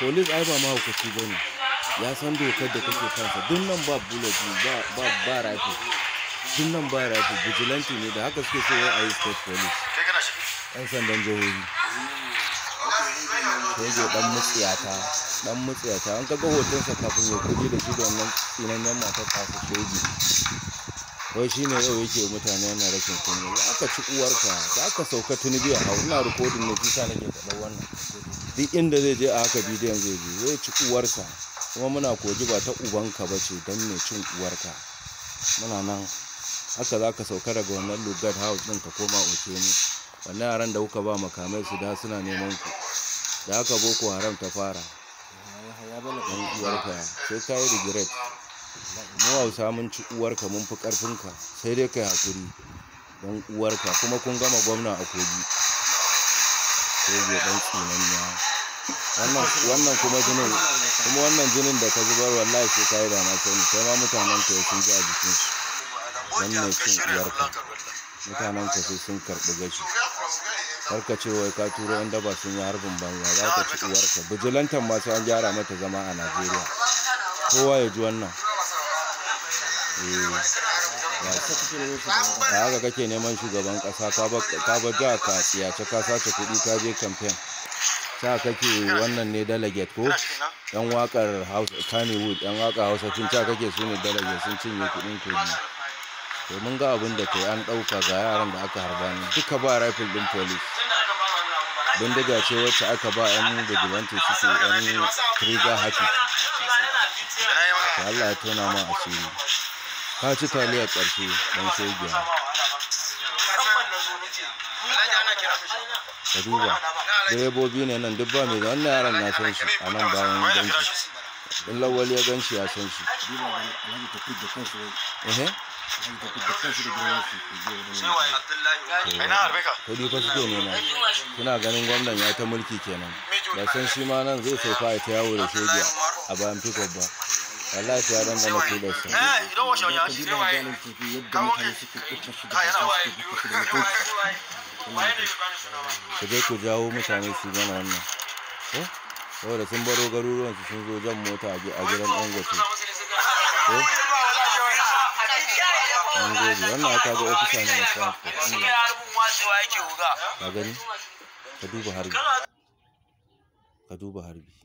Police ai ba mahaukaci ba ne, ya san dokar da kake kansa, duk nan ba bullet ba ba rifle, duk nan ba rifle, vigilante ne da haka suke so ya ayi state police. Yan sandan jihohi. Sai je dan mutsiyata, dan mutsiyata, an kaga hotonsa kafin ya kudi da shi da wannan tsinannen matar tasa shege. wai shi ne yau yake mutane yana rashin kunya za ka ci uwarka za ka sauka tuni biya hau ina rikodin na jisa nake faɗa wannan duk inda zai je a haka bidiyon zai je zai ci uwarka kuma muna koji ba ta ubanka ba ce don mai cin uwarka muna nan haka za ka sauka daga wannan lugar house ɗin ka koma oke ne wannan yaran da kuka ba makamai su da suna neman ku da haka boko haram ta fara don uwarka sai ka yi regret mu hausa mun ci uwarka mun fi ƙarfinka sai dai kai hakuri don uwarka kuma kun gama gwamna a kogi sai dan tsinan ya wannan kuma jinin kuma wannan jinin da ka zubar wallahi sai kai yi da na sani sai ma mutanen ka sun ji a jikin su don ne cin uwarka mutanen ka sai sun karbi gashi har ka ce wai ka turo inda daba sun yi harbin banza za ka ci uwarka bijilantan masu an gyara mata zama a najeriya kowa ya ji wannan da haka kake neman shugaban kasa ka ba jiha ka tsiyace ka sace kuɗi ka je kamfen sa kake wannan ne delegate ko yan wakar kannywood yan wakar hausa tun ta kake su ne delegate sun cinye kuɗin kogi to mun ga abin da kai an ɗauka ga yaran da aka harba ni duka ba rifle ɗin police bindiga ce wacce aka ba yan vigilante suke yan trigger happy Allah ya tona ma asiri ta ci taliya ƙarshe ɗan shege ka duba direbobi ne nan duk ba mai wannan yaran na san shi a nan bayan shi don lawali ya ganshi ya san shi kudi fa suke nema kuna ganin gwamnan ya ta mulki kenan ba san shi ma nan zai sauka ya ta yawo da shege a bayan fikon ba wallahi sai ya dan da mutu da shi eh idan washe ya shi sai waye kawo kai kai yana waye ku je ku jawo mutane su gana wannan ko saboda sun baro garuruwan su sun zo jan mota a gidan ɗan ko mun gode wannan aka ga ofisa na musamman ka gani ka duba harbi ka duba harbi